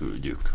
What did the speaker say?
küldjük.